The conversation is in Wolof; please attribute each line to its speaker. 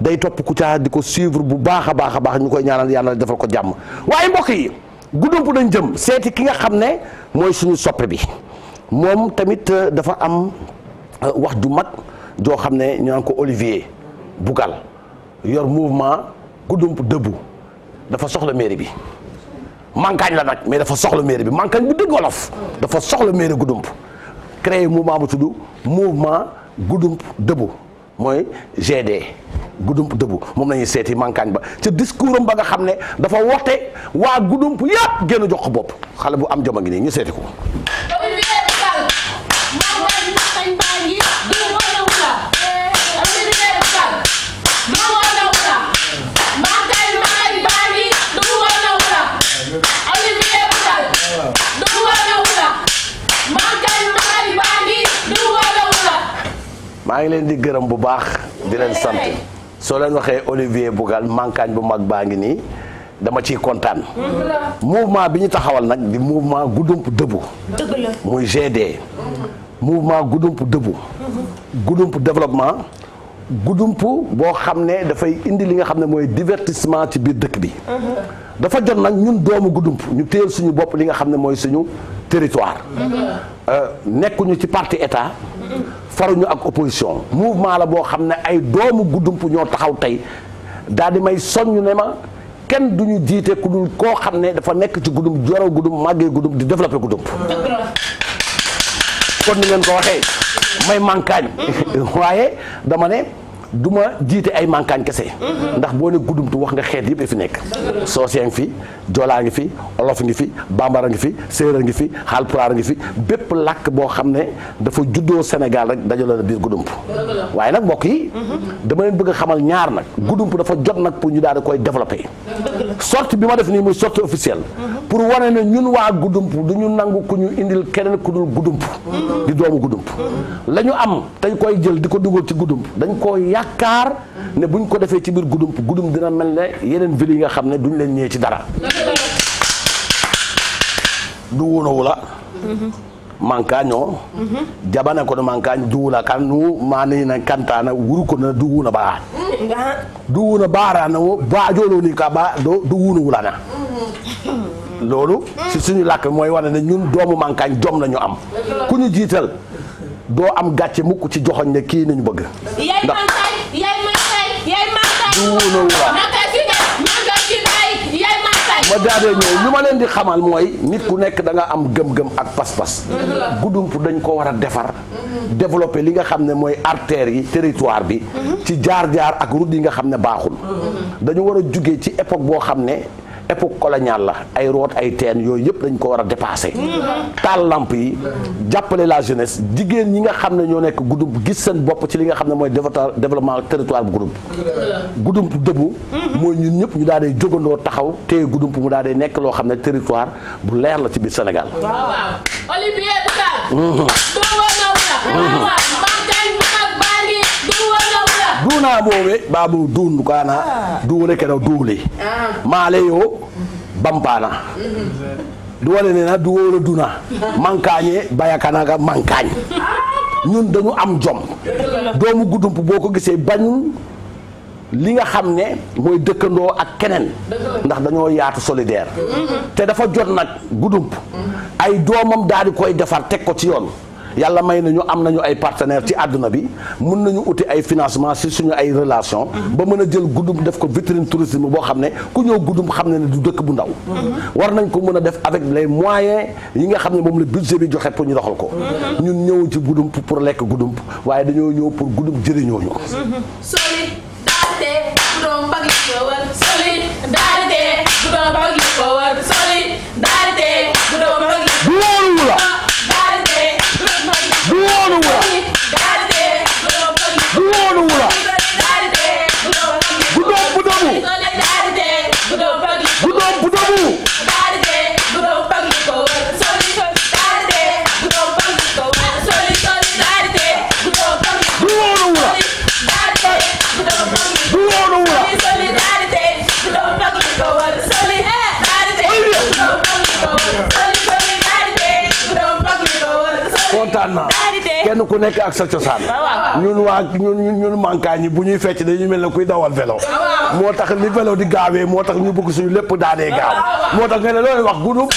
Speaker 1: day topp Kouthia di ko suivre bu baax a baax a baax ñu koy ñaanal yàlla defal ko jàmm waaye mbokk yi guddump dañ jëm seeti ki nga xam ne mooy suñu soppe bi moom tamit euh, dafa am euh, wax ju mag joo xam ne ñu naan ko Olivier Bougal yor mouvement guddump debout dafa soxla mairie bi mankaañ la nag mais dafa soxla mairie bi mankaañ bu dëgg wolof dafa soxla mairie guddump créé mouvement bu tudd mouvement guddump debout mooy GD gudum dëbu moom la ñuy seeti mankaañ ba ca discours ba nga xam ne dafa wote waa gudum yëpp génn jox bopp xale bu am jom gi ngi nii ñu seeti ko. maa ngi leen di gërëm bu baax di leen sant soo leen waxee Olivier Bougal mankaañ bu mag baa ngi nii dama ciy kontaan. mouvement bi ñu taxawal nag di mouvement Goudomp Debout. dëgg la muy GD. mouvement Goudomp Debout. Goudomp développement. Goudomp boo xam ne dafay indi li nga xam ne mooy divertissement ci biir dëkk bi. dafa jot nag ñun doomu Goudomp ñu téyel suñu bopp li nga xam ne mooy suñu territoire. Euh, nekkuñu ci parti état. faruñu ak opposition mouvement la boo xam ne ay doomu guddump ñoo taxaw tey daal di may soññ ne ma kenn duñu jiite ku dul koo xam ne dafa nekk ci guddum joroo guddum màggee guddum di développé guddump kon ni ngeen ko waxee may mankañ waaye dama ne du ma jiite ay mankaan kese. Mm-hmm. ndax boo ne guddumtu wax nga xeet yëpp fi nekk. Mm-hmm. soose ngi fi joolaa ngi fi olof ngi fi bambara ngi fi séeréer ngi fi xaalpulaar ngi fi bépp làkk boo xam ne dafa juddoo Sénégal rek dajaloo na biir guddump waaye nag bokk yi. Mm-hmm. dama leen bëgg xamal ñaar nag. guddump dafa jot nag pour ñu daal di koy développé. sortie bi ma def nii muy sortie officielle. pour wane ne ñun waa guddump du ñu nangu ku ñu indil keneen ku dul guddump di doomu guddump la am dañ koy jël ko dugal ci guddump yaakaar ne buñ ko defee ci biir gudum gudum dina mel ne yeneen ville yi nga xam ne duñ leen ñee ci dara du wonowu la mankaño jabana ko mankañ duwula kan nu manina kantana wuru kono duwuna ba duwuna barana wo bajolo ni ka ba do loolu si suñu làkk mooy wane ne ñun doomu mankañ jom lañu am ku ñu jiital doo am gàcce mukk ci joxoñ ne kii nañu bëgg wóoloowu ma daadee ñëw li ma leen di xamal mooy nit ku nekk danga am gëm-gëm ak pas-pas. Goudomp dañ ko war a defar. développer li nga xam ne mooy artères yi teritoire bi. ci jaar-jaar ak route yi nga xam ne baaxul. dañu war a jugee ci époque boo xam ne. époque coloniale la ay root ay teen yooyu yëpp dañ ko war a dépasser taal làmp yi jàppale la jeunesse jigéen ñi nga xam ne ñoo nekk gudub gis seen bopp ci li nga xam ne mooy développement territoire bu gudub gudub dëbu mooy ñun ñëpp ñu daal di jógandoo taxaw te gudub mu daal di nekk loo xam ne territoire bu leer la ci biir Sénégal duunaɓoɓe babu dunkana ah. duure keɗo duuli ah. maale yo bampana duwane na duworo duna mankañe bayakanaga mankañ ñun dañu am jom doomu guddump boo ko gisee bañul li nga xam ne mooy dëkkandoo ak keneen ndax dañoo yaatu solidaire mm-hmm. te dafa jot nag guddump mm-hmm. ay doomam daal di koy defar teg ko ci yoon yàlla may nañu am nañu ay partenaires ci àdduna bi mun nañu uti ay financement si suñu ay relation mm-hmm. ba mën a jël guddum def ko vitrine tourisme boo xam ne ku ñëw guddum xam ne ne du dëkk bu ndaw mm-hmm. war nañ ko mën a def avec les moyens yi nga xam ne moom la budget bi joxe pour ñu doxal ko mm-hmm. ñun ñëw ci guddum pour lekk guddum waaye dañoo ñëw pour guddum jëriñoo ñu kontaan naa kenn ku nekk ak sa cosaan ñun waa ñun ñun mankaa ñi bu ñuy fecc ñu mel ne kuy dawal vélo moo tax li vélo di gaawee moo tax ñu bëgg suñu lépp daanee gaaw moo tax nga ne looy wax gudub